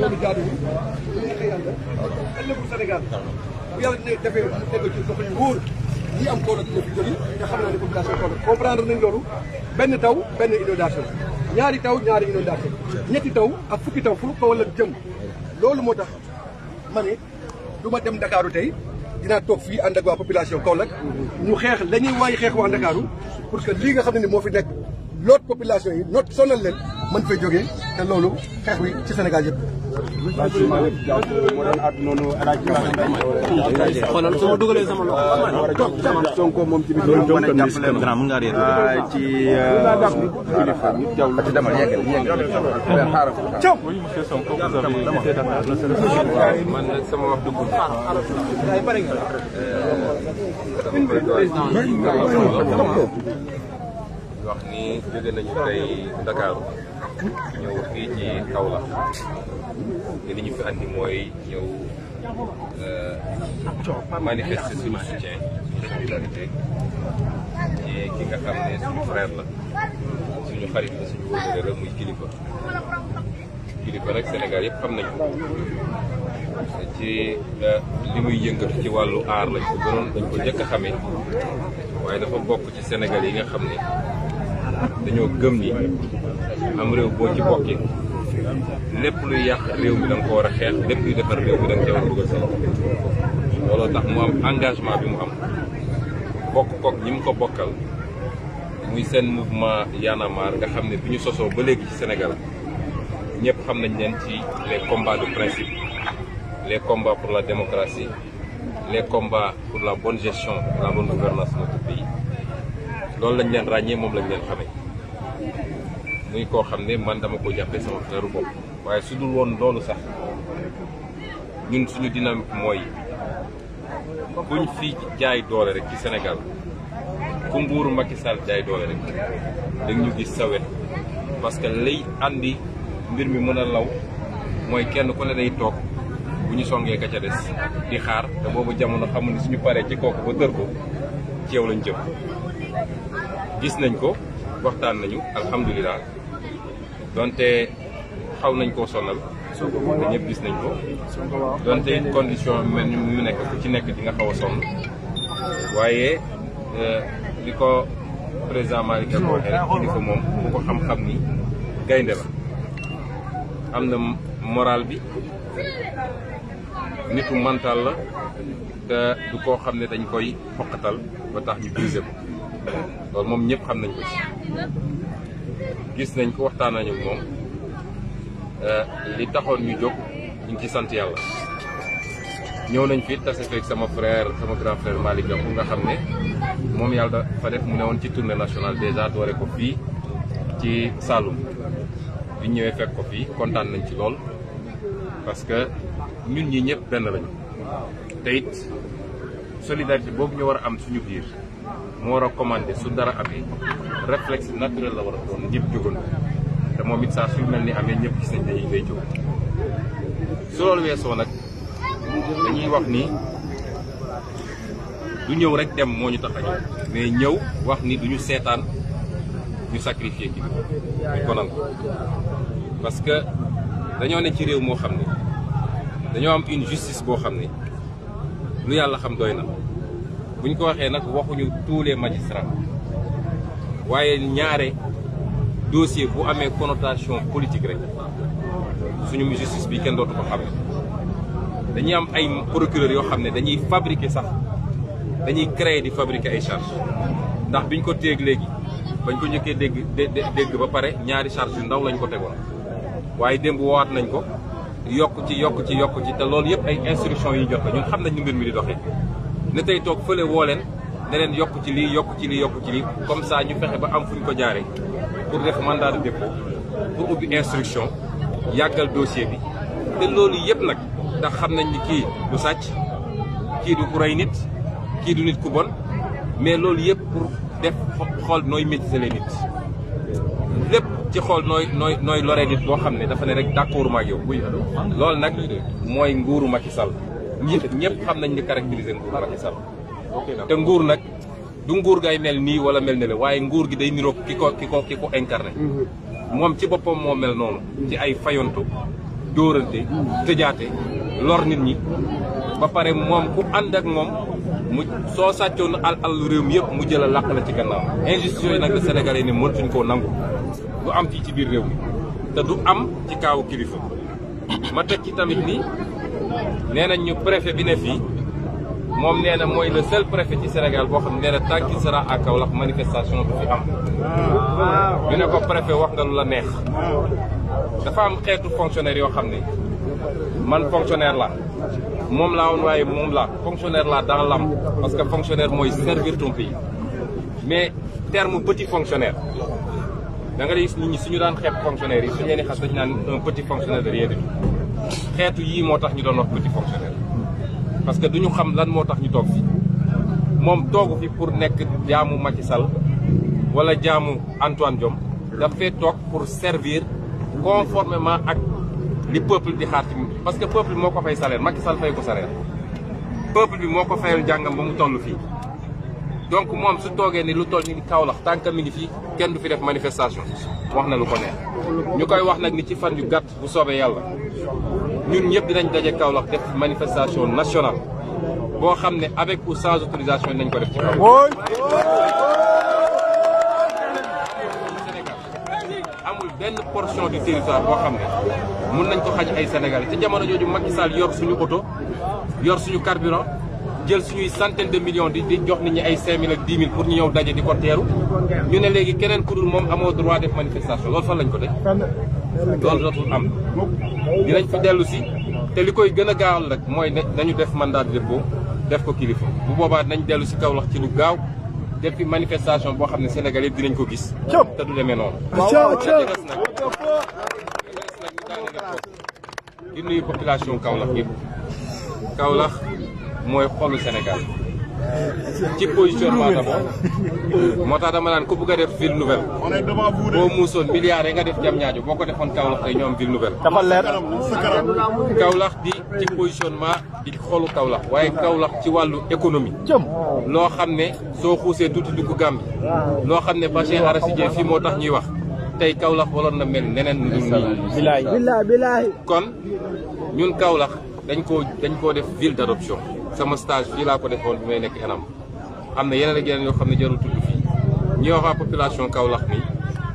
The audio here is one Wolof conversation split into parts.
loolu jaaduwul li nga xëy àndal ëllëgu Sénégal bu yàlla dina defee teg ci loxo yu wóor am Kaolack dina fi jóge xam naa ne population Kaolack comprendre nañ loolu benn taw benn inondation ñaari taw ñaari inondation ñetti taw ak fukki taw fu Kaolack jëm loolu moo tax ma ne du ma dem Ndakaaru tey dinaa toog fii ànd ak waa population Kaolack ñu xeex la ñuy waay xeex waa Ndakaaru pour que lii nga xam ne ni moo fi nekk l'autre population yi not sonal leen mën fay jógee te loolu xeex wi ci Sénégal yëpp. xoolal su ma dugalee sama loxo. Sonko moom tamit ñu mën a jàppale ma ah, ci kilifa ñu teew la ci demal yeggal yeggal xaaral ko. Oui, monsieur Sonko, vous avez été d'accord. Euh, man nag sama wax dugg. Euh, euh, président wax ni jóge nañu tey Ndakaaru ñëw fii ci Kaolack te li ñu fi andi mooy ñëw euh, manifester suñu soutien suñu solidarité ci nga xam ne suñu frère la suñu xarit la suñu wóolare la muy kilifa kilifa nag Sénégal yëpp xam nañu ci euh, li muy yëngatu ci wàllu aar lañ ko gënoon dañ ko njëkk a xamee waaye dafa bokk ci Sénégal yi nga xam ne dañoo gëm ni am réew boo ci bokkee lépp luy yàq réew mi da ko war a xeex lépp luy defar réew mi da nga cee war a dugal sa looloo tax mu am engagement bi mu am bokk kook ñi mu ko bokkal muy seen mouvement Y'en nga xam ne bi ñu sosoo ba léegi ci Sénégal ñëpp xam nañ leen ci les combats de principe les combats pour la démocratie les combats pour la bonne gestion la bonne gouvernance de notre loolu lañ leen ràññee moom lañ leen xamee muy koo xam ne man dama ko jàppee sama frère bopp waaye su dul woon loolu sax ñun suñu dynamique mooy kuñ fi jaay doole rek ci senegal ku nguuru Macky Sall jaay doole rek dañ ñu gis sawet parce que lay àndi mbir mi mën a law mooy kenn ku ne day toog bu ñu songee ka ca des di xaar te boobu jamono xamul ne suñu paree ci kooku ba tër ko ci yow lañ jëm gis nañ ko waxtaan nañu alhamdulilah donte xaw nañ koo sonal te ñëpp gis nañ ko donte condition mel ni mu nekk ku ci nekk di nga xaw a sonn waaye euh, li ko président Malick ko waxee rek di ko moom bu ko xam-xam ni gaynde la am na moral bi nitu mental la te du koo xam ne dañ koy xoqatal ba tax ñu briser ko loolu moom ñëpp xam nañ ko ci gis nañ ko waxtaan nañu ak moom eh, li taxoon ñu jóg ñu ci sant yàlla. ñëw nañ fi tase fekk sama frère sama grand frère Malick Gakou nga xam ne moom yàlla dafa def mu ne woon ci tournée nationale déjà doore ko fii ci Saloum bi ñëwee fekk ko fii kontaan nañ ci lool parce que ñun ñi ñëpp benn lañu te it solidarité boobu ñu war a am suñu biir. mu war a commandé su dara amee réflexe naturel la war a doon njëb jógoon te moom it saa suy mel ni amee ñépp gis nañ dañuy day jóg su loolu weesoo nag dañuy wax ni du ñëw rek dem moo ñu tax a ñëw mais ñëw wax ni duñu seetaan ñu sacrifié kii ñu ko nangu que dañoo ne ci réew moo xam ne dañoo am une justice boo xam ne lu yàlla xam doy na bu ñu ko waxee nag waxuñu tous les magistrats waaye ñaare dossier bu amee connotation politique rek suñu justice bi kenn dootu ko xam ne dañuy am ay procureur yoo xam ne dañuy fabriquer sax dañuy créer di fabriquer ay charges ndax biñ ko téeg léegi bañ ko njëkkee dégg dégg ba pare ñaari charges yu ndaw lañ ko tegoon waaye démb woowaat nañ ko yokk ci yokk ci yokk ci te loolu yëpp ay instructions yu ñu jot ñun xam nañ ni mbir mi di doxee. ne tey toog fële woo leen ne leen yokk ci lii yokk ci lii yokk ci lii comme ça ñu fexe ba am fu ñu ko jaaree pour def mandat de dépôt pour ubbi instruction yàggal dossier bi te loolu yëpp nag ndax xam nañ ni kii du sàcc kii du ku rey nit kii du nit ku bon mais loolu yëpp pour def xool nooy métisale nit lépp ci xool nooy nooy nooy loree nit boo xam ne dafa ne rek d'accord ma ak yow. loolu nag mooy nguuru Macky Sall ñëpp ñëpp xam nañ ni caractériser nguur Macky Sall te nguur nag du nguur gay mel nii wala mel ne waaye nguur gi day niroog ki ko ki ko ki mhm. moom ci boppam moom mel noonu ci ay fayonto dóorante tëjaate lor nit ñi ba pare moom ku ànd ak moom mu soo sàccoon al al réew mi yëpp mu jël a làq la ci gannaaw injustice yooyu nag la sénégalais ne mëntuñ koo nangu du am fii ci biir réew mi te du am ci kaawu kilifa ma teg ci tamit ni nee nañ ñu préfet bi ne fii moom nee mooy le seul préfet ci Sénégal boo xam ne nee na ak qu'il sera à manifestation du fi am ñu ne ko préfet wax nga lu la neex dafa am xeetu fonctionnaire yoo xam ne man fonctionnaire la moom laa woon waaye moom la fonctionnaire la dans l'âme parce que fonctionnaire mooy servir ton pays mais terme petit fonctionnaire da nga gis nit ñi suñu daan xeeb fonctionnaire yi suñu leen di xas dañu naan un petit fonctionnaire de rien du xeetu yii moo tax ñu doon wax petit fonctionnaire parce que duñu xam lan moo tax ñu toog fi moom toogu fi pour nekk jaamu Macky Sall wala jaamu Antoine Diome dafay toog pour servir conformément ak li peuple di xaar ci parce que peuple bi moo ko fay salaire Macky Sall fay ko salaire peuple bi moo ko fayal jàngam ba mu toll fii donc moom su toogee ni lu toll ni Kaolack tànk mi ngi fi kenn du fi def manifestation wax na lu ko neex ñu koy wax nag ni ci fan yu gàtt bu soobee yàlla ñun ñëpp dinañ daje Kaolack def manifestation nationale boo xam ne avec ou sans nañ ko def ci Kaolack. amul benn portion du territoire boo xam ne mun nañ ko xaj ay Sénégalais ci jamono jooju Macky Sall yor suñu oto yor suñu carburant jël suñuy centaine de millions di di jox nit ñi ay 5000 ak 10 000 pour ñu ñëw daje di ko teeru ñu ne léegi keneen ku moom amoo droit def manifestation loolu fan lañ ko def. loolu dootul am dinañ fi dellu si te li koy gën a gaawal rek mooy ne nañu def mandat de def ko kilifa bu boobaa nañ dellu si Kaolack ci lu gaaw depuis manifestation boo xam ne Sénégal yëpp dinañ ko gis te du demee noonu des nag di nuyu population Kaolack yëpp Kaolack mooy xolu Sénégal ci positionnement d'abord moo tax dama naan ko bugg a def ville nouvelle boo muusoon milliards nga def jam ñaajo boo ko defoon Kaolack tey ñoom ville nouvelle dafa leer Kaolack di ci positionnement di xoolu Kaolack waaye Kaolack ci wàllu économie loo xam ne soo xuusee tuuti dugg Gambie loo xam ne bassin arachidier fii moo tax ñuy wax tey Kaolack waroon na mel neneen lu dul nii kon ñun Kaolack dañ koo dañ koo def ville d'adoption sama stage fii laa ko defoon bi may nekk enam am na yeneen ak yeneen yoo xam ne jarul tudd fii ñi wax waa population Kaolack ni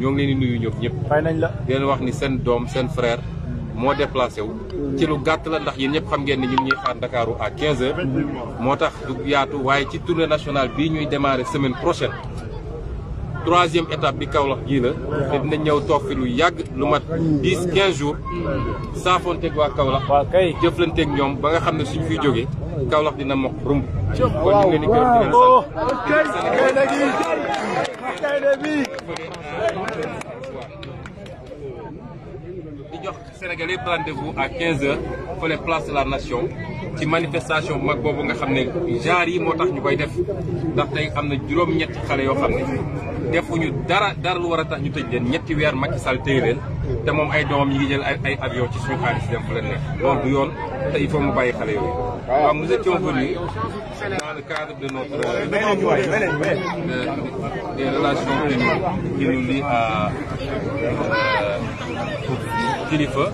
ñoo ngi leen di nuyu ñoom ñëpp. fay nañ la di wax ni seen doom seen frère moo déplacé wu. ci lu gàtt la ndax yi ñëpp xam ngeen ni ñu ngi ñuy xaar Ndakaaru à 15 moo tax du yaatu waaye ci tournée nationale bii ñuy démarrer semaine prochaine. troisième étape bi Kaolack gii la te dinañ ñëw toog fi lu yàgg lu mat dix quinze jours saafoonteeg waa Kaolack jëflanteeg ñoom ba nga xam ne suñ fiy jógee Kaolack waaw waaw kay kay jox Sénégal yëpp rendez-vous à h fële place la nation ci manifestation mag boobu nga xam ne genre yi moo tax ñu koy def ndax tey am na juróom-ñetti xale yoo xam ne ñu dara dara lu war a tax ñu tëj leen ñetti weer mag Sall téye leen te moom ay doomam yi ngi jël ay avion ci suñu xaalis dem fa leen nekk loolu du yoon te il faut mu bàyyi xale yooyu. Alors, nous étions venus dans le cadre de notre de, euh, euh, des relations qui qui nous lient à Kilifa. Euh,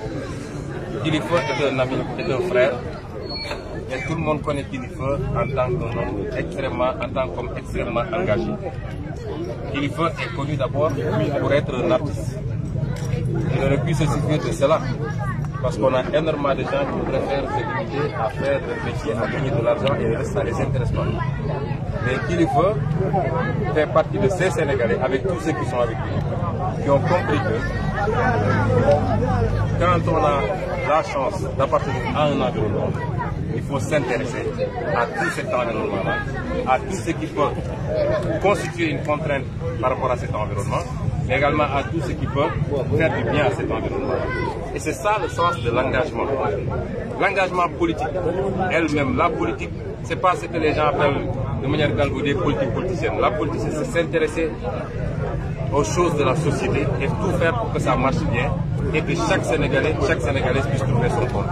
Kilifa un ami, est un frère. Et tout le monde connaît Kilifa en tant qu'un homme extrêmement, engagé. Kilifa est connu d'abord pour être un artiste. Il aurait pu de cela. Parce qu'on a énormément de gens qui préfèrent se à faire des métiers, à gagner de l'argent et le reste, ça les intéresse pas. Mais Kilifeu fait partie de ces Sénégalais, avec tous ceux qui sont avec lui, qui ont compris quand on a la chance d'appartenir à un environnement, il faut s'intéresser à tout cet environnement-là, à tout ce qui peut par rapport à cet faire du bien à cet environnement-là. Et c'est ça le sens de l'engagement. L'engagement politique, elle-même, la politique, c'est pas ce que les gens appellent de manière galvaudée politique politicienne. La politique, c'est s'intéresser aux choses de la société et tout faire pour que ça marche bien et que chaque Sénégalais, chaque Sénégalaise puisse trouver son compte.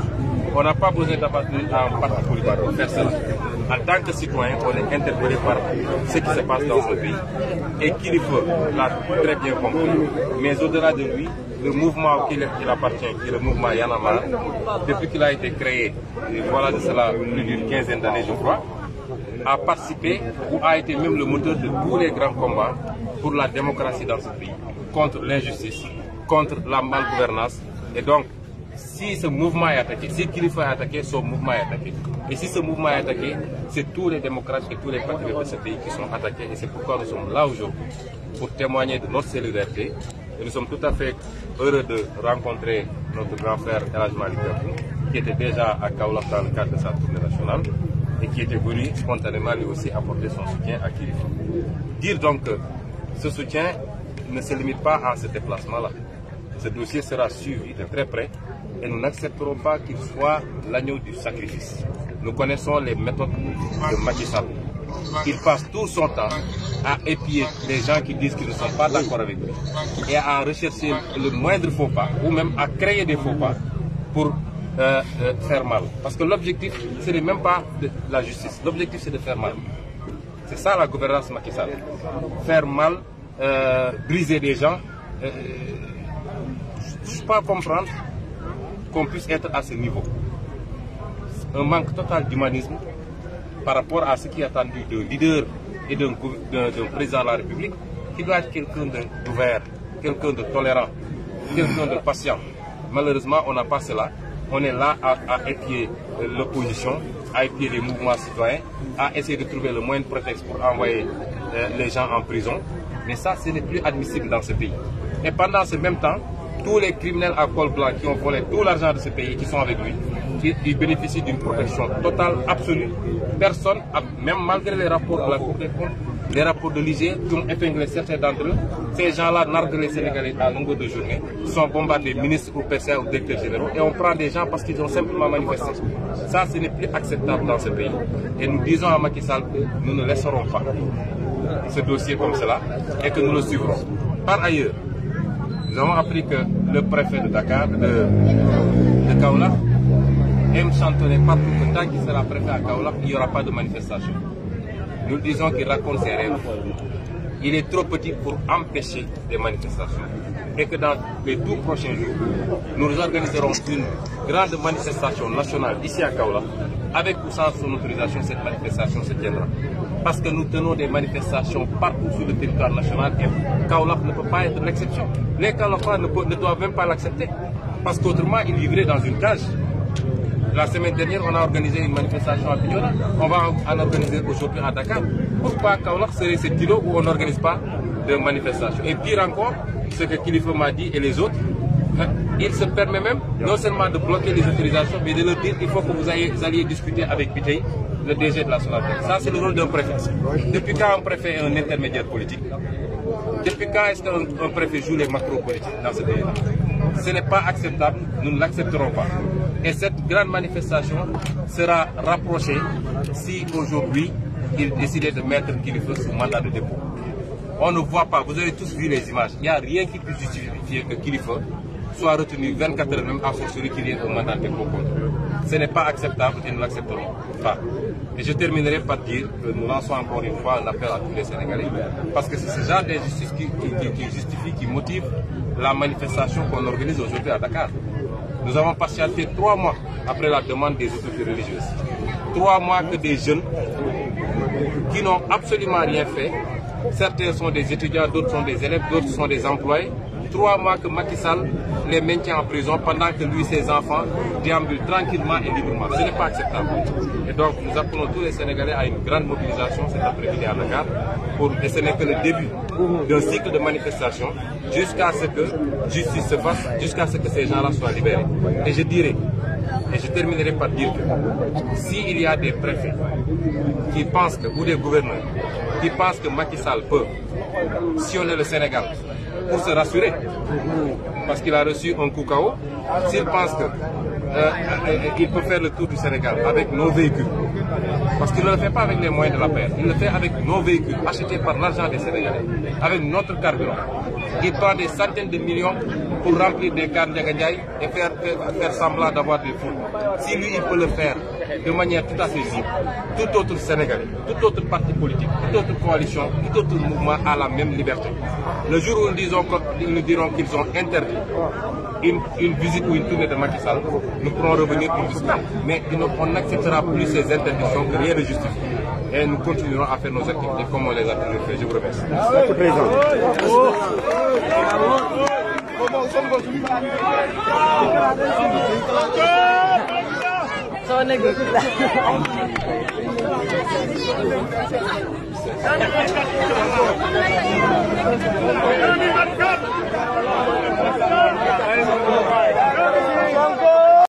On n'a pas besoin d'appartenir à un parti politique pour cela. En tant que citoyen, on est interpellé par ce qui se passe dans ce pays. Et Kilifeu l'a très bien compris. Mais au-delà de lui, le mouvement auquel il appartient, qui est le mouvement Y'en a depuis qu'il a été créé, et voilà de cela plus d'une quinzaine d'années, je a participé ou a été même le moteur de tous les grands combats pour la démocratie dans ce pays, contre l'injustice, contre la malgouvernance. Et donc, si ce mouvement est attaqué, si Khalifa est attaqué, ce mouvement est attaqué. Et si ce mouvement est attaqué, c'est tous les démocrates et tous les patriotes qui sont attaqués. Et c'est pourquoi nous sommes là aujourd'hui, pour témoigner de notre solidarité. Et nous sommes tout à fait heureux de rencontrer notre grand frère Elaj Malik qui était déjà à Kaulak dans le cadre de sa tournée nationale et qui était venu spontanément lui aussi apporter et nous n'accepterons pas qu'il soit l'agneau du sacrifice. Nous connaissons les méthodes de Macky Sall. Il passe tout son temps à épier les gens qui disent qu'ils ne sont pas d'accord avec lui et à rechercher le moindre faux pas ou même à créer des faux pas pour euh, euh faire mal. Parce que l'objectif, ce n'est même pas de la justice. L'objectif, c'est de faire mal. C'est ça la gouvernance Macky Sall. Faire mal, euh, briser des gens, euh, je pas comprendre qu'on puisse être à ce niveau. Un manque total d'humanisme par rapport à ce qui est attendu d'un leader et d'un président de la République qui doit être quelqu'un d'ouvert, tolérant, quelqu'un de patient. Malheureusement, on n'a pas cela. On est là à, épier euh, l'opposition, à épier les mouvements citoyens, à essayer de trouver le moyen de prétexte pour envoyer euh, les gens en prison. Mais ça, ce n'est plus admissible dans ce pays. Et pendant ce même temps, tous les criminels à col blanc qui ont volé tout l'argent de ce pays, qui sont avec lui, qui, bénéficient d'une protection totale, absolue. Personne, même malgré les rapports de la Cour des comptes, de l'IG e qui ont épinglé certains d'entre eux, ces gens-là narguent les Sénégalais à de journée, sont bombardés ministres ou PCA ou directeurs généraux, et on prend des gens parce qu'ils ont simplement manifesté. Ça, ce n'est plus acceptable Nous avons appris que le préfet de Dakar, de, de Kaolak, aime chantonner partout que tant qu'il sera préfet à Kaolak, il n'y aura pas de manifestation. Nous disons qu'il raconte ses rêves. Il est trop petit pour empêcher des manifestations. Et que dans les tout prochains jours, nous organiserons une grande manifestation nationale ici à Kaolak avec ou sans son autorisation, cette manifestation se tiendra. Parce que nous tenons des manifestations partout sur le territoire national et Kaolaf ne peut pas être l'exception. La semaine dernière, on a organisé une manifestation à On va en organiser aujourd'hui à Dakar. Pourquoi Kaolaf serait ce kilo où on n'organise pas de manifestation Et pire encore, ce que Kilifo m'a et les autres, il se permet même non seulement de bloquer les autorisations, mais de leur dire qu'il faut que vous, alliez discuter avec Pitei, le DG de la Sonatelle. Ça, c'est le rôle d'un préfet. Depuis quand préfet est un intermédiaire politique Depuis quand est-ce qu'un préfet joue les macro dans ce pays Ce n'est pas acceptable, nous ne l'accepterons pas. Et cette grande manifestation sera rapprochée si aujourd'hui il décidait de mettre Kilifeu sous mandat de dépôt. On ne soit retenu 24 heures même à qu'il y ait un mandataire pour compte. Ce n'est pas acceptable et nous l'accepterons pas. Et je terminerai par dire que nous lançons encore une fois un appel à tous les parce que c'est ce genre d'injustice qui, qui, la manifestation qu'on organise aujourd'hui à Dakar. Nous avons patienté trois mois après la demande des autorités religieuses. Trois mois que des jeunes qui n'ont absolument rien fait. Certains sont des trois mois que Macky les maintient en prison pendant que lui ses enfants déambulent tranquillement et librement ce n'est pas acceptable et donc nous appelons tous les Sénégalais à une grande mobilisation cet après-midi à Dakar pour et ce n'est que le début d'un cycle de manifestation jusqu'à ce que justice se fasse jusqu'à ce que ces gens-là soient libérés et je dirais et je terminerai par dire que s'il y a des préfets qui pensent que ou des gouverneurs qui que Macky Sall peut sillonner pour se rassurer. Parce qu'il a reçu un coup KO. S'il pense que euh, euh, il peut faire le tour du Sénégal avec nos véhicules. Parce qu'il ne le fait pas avec les moyens de la paire. Il le fait avec nos véhicules, achetés par l'argent des Sénégalais, avec notre carburant. Il prend des centaines de millions pour remplir des cars de et faire, semblant d'avoir des fous. Si lui, il peut le faire, de manière tout à fait visible tout autre Sénégalais tout autre parti politique toute autre coalition tout autre mouvement a la même liberté le jour où nous disons que nous qu'ils ont interdit une, visite ou une tournée de Macky Sall nous pourrons revenir pour discuter mais on n'acceptera plus ces interdictions que rien ne justifie et nous continuerons à faire nos activités comme on les a toujours fait je vous remercie Monsieur le Président soo nekkee soo nekkee